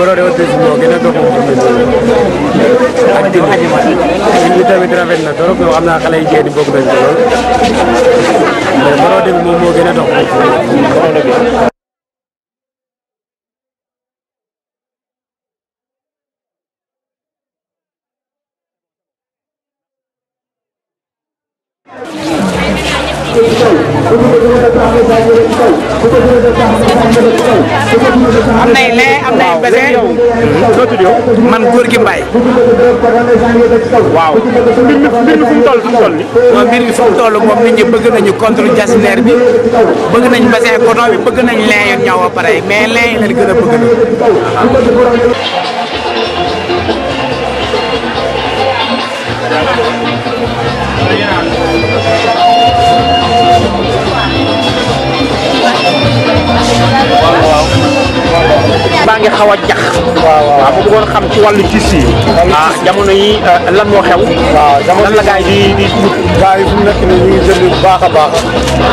bororewate moo gën a dox ak dindi dindi tamit rafet na trop yoo xam naa xale yi jigéen ñi bëgg nañ ko lool mais borode bi moom moo gën a dox foofu ci kaw a def am na ci kaw a def am na ci kaw am soo tudd yow man góor gi Mbaye waaw mbir mi mbir mi fu mu toll ni non mbir mi fu mu toll moom nit ñi bëgg nañu contre jasinaire bi bëgg nañ bese coton bi bëgg nañ lee yoon ñëw ba pare mais lee yi lañ gën a bëgg ngi xaw a jax. waaw waaw bu bëggoon xam ci wàllu gis yi. ah jamono yi euh, lan moo xew. waaw jamono lan la gars yi di di wut. gars yi fu mu nekk nii ñu ngi jënd bu baax a baax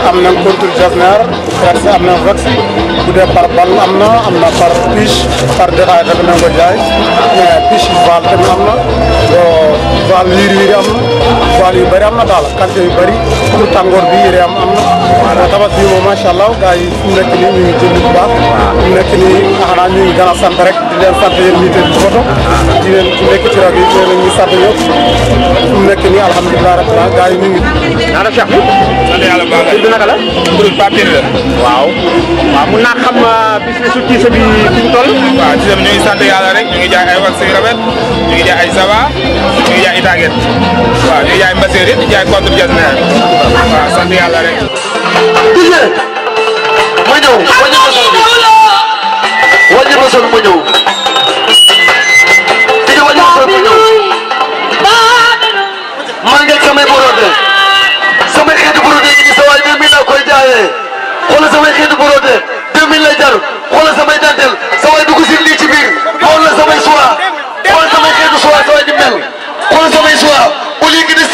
am na contre jasner rex am na vex bu dee par bal am na am na par piche par détail tamit na nga ko jaay mais piche vaal tamit am na vaal wiir wiir am na. tool yu bëri am na daal quartier yu bëri pour tàngoor bi yére am am na tabaski bi moom macha allah gars yi fi mu nekk nii ñu ngi jënd bu baax fi mu nekk nii xanaa ñu ngi gën a sant rek di leen sant yéen ñi tëdd foto di leen ci nekk ci rajo yi yéen a ngi sant ñëpp fi mu nekk nii alhamdulilah rabbil alamin gars yi ñu ngi ana Cheikh bi sant yàlla baax na bi naka la pour papier la waaw waaw mun naa xam euh, business su tiise bi fi mu toll waaw tiise bi ñu ngi sant yàlla rek ñu ngi jaay ay wax yu rafet ñu ngi jaay ay saba ñu ngi jaay ay tàgget waaw Birahim Bassiré di jaay contre Jazner waaw sant yàlla rek. Didier ma ñëw wàññi ma sol bi wàññi ma sol ma ñëw Didier wàññi ma sol ma ñëw man ngeen samay borodé samay xeetu borodé yi ñu sa waay deux mille laa koy jaayee xoolal samay xeetu borodé deux mille la jar xoolal samay dentelle sa waay dugg si lii ci biir xoolal samay suwa xoolal samay xeetu suwa sa waay di mel xoolal samay suwa au lieu que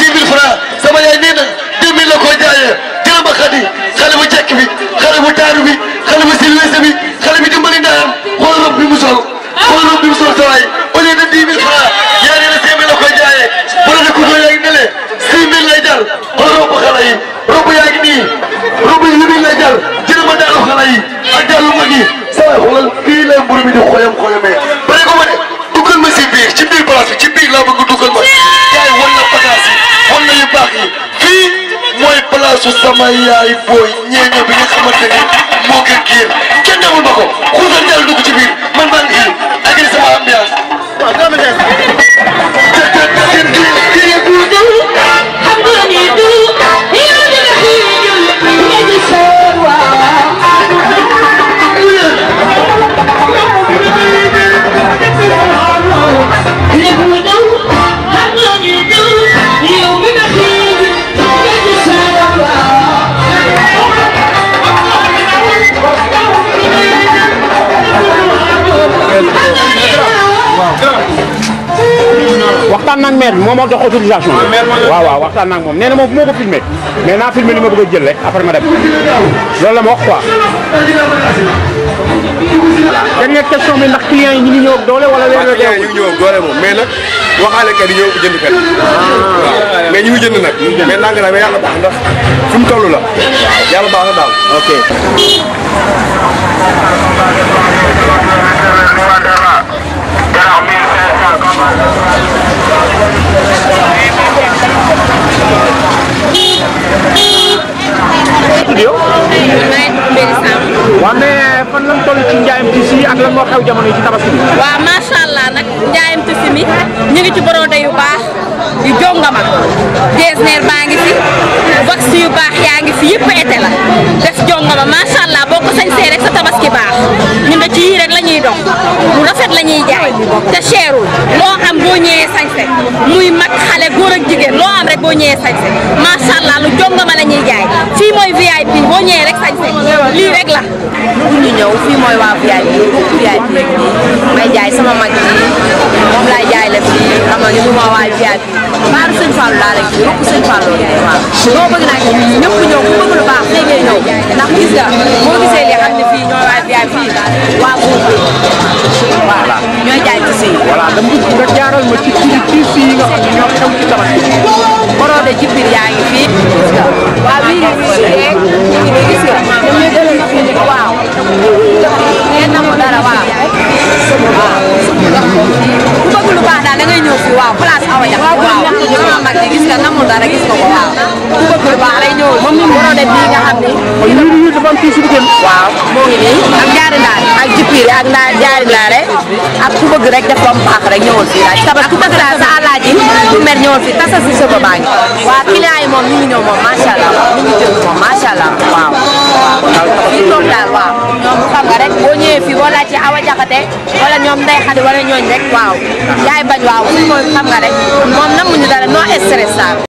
xale a ak jàllu mag yi xoolal fii lay mburu mi di xoyam xoyamee bari ko ma ne duggal ma si biir ci biir place bi ci biir laa bëgg duggal ma yaay wan na bagaas yi wan na yu baax yi fii mooy place sama yaay booy ñeeño bi nga xamante ni naag moom moo jox autorisation ah, waaw waaw waxtaan naag moom nee na moom bu ma mais naa filmé li ma bëgg a jël ma dem loolu ma wax quoi dernière question bi ndax client yi ñu ngi ñëw ak doole wala léeg-léeg client doole moom mais nag waxaale kat yi ñëw jënd kat ah. Ah. mais ñu ngi jënd nag mais nang na mais yàlla baax ndax fu mu toll la yàlla baax na ok nga ma baa ngi fi wax yu baax yaa ngi fi yëpp été la def jongoma macha allah boo ko sañsee rek sa tabaski baax ñun da ci yii rek la ñuy dox lu rafet la jaay te cherul loo am boo ñëwee sañse muy mag xale góor ak jigéen loo am rek boo ñëwee sañse macha allah lu jongoma la ñuy jaay fii mooy VIP boo ñëwee rek sañse lii rek la bu ñu ñëw fii mooy waa VIP VIP may jaay sama mag moom laay jaay la xam nga ñu ngi woo waa VIP baaru sëñ Fallou laa lay rëpp sëñ jaay ci si voilà jibbir yaa ngi mag ji gis nga namul dara gis nga ko waaw. ku bëgg lu baax lay ñëwul. nga xam ne. lii lii dafa am fii si waaw moo ngi nii ak jaari ak jippiir ak ndaa jaari ndaare ak ku bëgg rek def am baax rek ñëwul fii laaj. ak ku a daal sa àllaaji ku mer ñëwul fii tasa si sa baa ngi. waaw client moom ñu ngi moom macha allah ñu ngi jënd moom macha waaw. ñoom xam nga rek boo ñëwee fii boo laajtee Awa Jaxate wala ñoom Ndey Xadi wala ñooñ rek waaw yaay bañ waaw suñ ko xam nga rek moom namuñu dara no stress